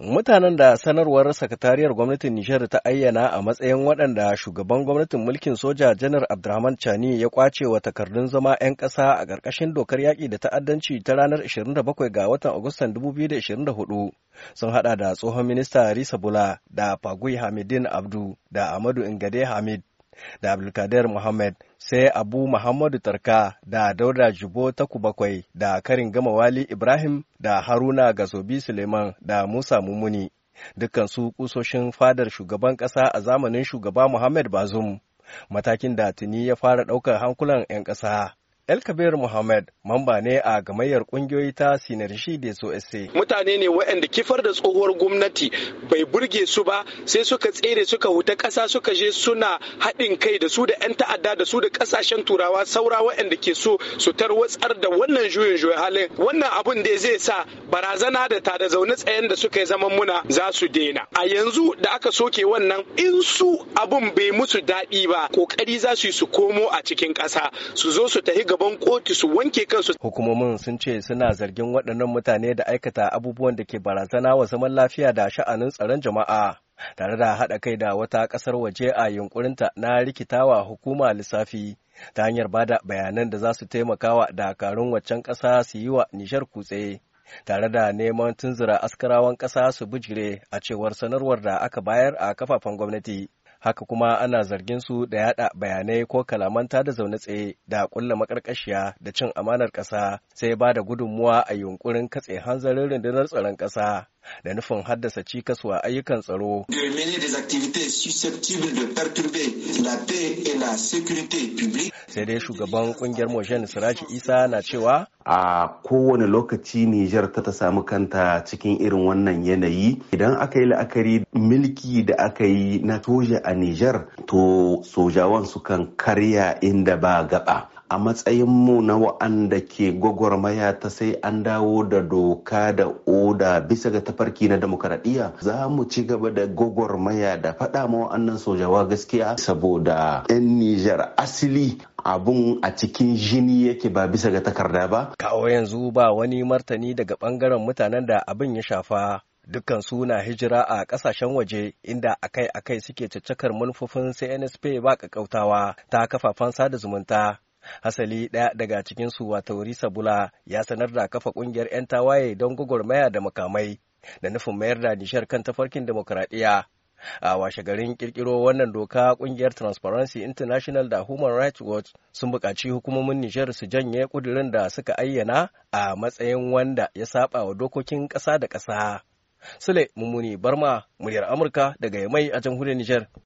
Mutanen da sanarwar sakatariyar gwamnatin Nijar ta ayyana a matsayin waɗanda shugaban gwamnatin mulkin soja janar abdulrahman Chani ya kwace wa takardun zama 'yan ƙasa a ƙarƙashin dokar yaƙi da ta'addanci ta ranar 27 ga watan Agustan 2024 sun haɗa da tsohon minista Risa Bula da Fagui Hamidin Abdu da Amadu Ingade Hamid da Abdulkader Mohammed sai Abu Muhammadu Tarka da Dauda Jubo Taku Bakwai da Karin gama Wali Ibrahim da Haruna Gazobi Suleiman da Musa Mumuni. Dukkansu kusoshin fadar shugaban ƙasa a zamanin shugaba Muhammad Bazum, matakin da tuni ya fara ɗaukar hankulan 'yan ƙasa. Elkabir Muhammad mamba ne a gamayyar kungiyoyi ta Sinarshi da SOSA. Mutane ne waɗanda kifar da tsohuwar gwamnati bai burge su ba sai suka tsere suka huta ƙasa suka je suna haɗin kai da su da 'yan ta'adda da su da ƙasashen turawa saura waɗanda ke so su tarwatsar da wannan juyin juyin halin wannan abun da zai sa barazana da tada zaune tsayen da suka yi zaman muna za su daina. A yanzu da aka soke wannan in su abun bai musu daɗi ba kokari za su yi su komo a cikin ƙasa su zo su tafi ga gaban kotu su wanke kansu. Hukumomin sun ce suna zargin waɗannan mutane da aikata abubuwan da ke barazana wa zaman lafiya da sha'anin tsaron jama'a. Tare da haɗa kai da wata ƙasar waje a yunkurinta na rikitawa hukuma lissafi ta hanyar bada bayanan da za su taimakawa dakarun waccan ƙasa su yi wa nishar kutse. tare da neman tunzura askarawan ƙasa su bijire a cewar sanarwar da aka bayar a kafafen gwamnati. haka kuma ana zargin su da yada bayanai ko kalamanta da zaune tsaye da kulla makarkashiya da cin amanar ƙasa sai ba da gudunmuwa a yunkurin katse hanzarin rundunar tsaron ƙasa da nufin haddasa cikas wa ayyukan tsaro. Sai dai shugaban kungiyar Mojen Siraji Isa na cewa a kowane lokaci Nijar ta ta samu kanta cikin irin wannan yanayi idan aka yi la'akari milki da aka yi na toje a Nijar to sojawan sukan karya inda ba gaba a matsayin mu na wa'anda ke gwagwarmaya ta sai an dawo da doka da oda bisa ga tafarki na demokaradiyya za mu ci gaba da gwagwarmaya da faɗa ma wa'annan sojawa gaskiya saboda 'yan Nijar asili abun a cikin jini yake ba bisa ga takarda ba. Kawo yanzu ba wani martani daga bangaren mutanen da abin ya shafa. Dukkan su na hijira a ƙasashen waje inda akai-akai suke caccakar manufofin CNSP ba ƙaƙƙautawa ta kafafen sada zumunta hasali ɗaya daga cikinsu wato risa bula ya sanar da kafa ƙungiyar 'yan tawaye don gwagwarmaya da makamai da nufin mayar da nishar kan tafarkin demokuraɗiyya a washe garin ƙirƙiro wannan doka ƙungiyar transparency international da human rights watch sun buƙaci hukumomin nijar su janye ƙudurin da suka ayyana a matsayin wanda ya saba wa dokokin ƙasa da ƙasa sule mummuni barma muryar amurka daga Yamai a jamhuriyar nijar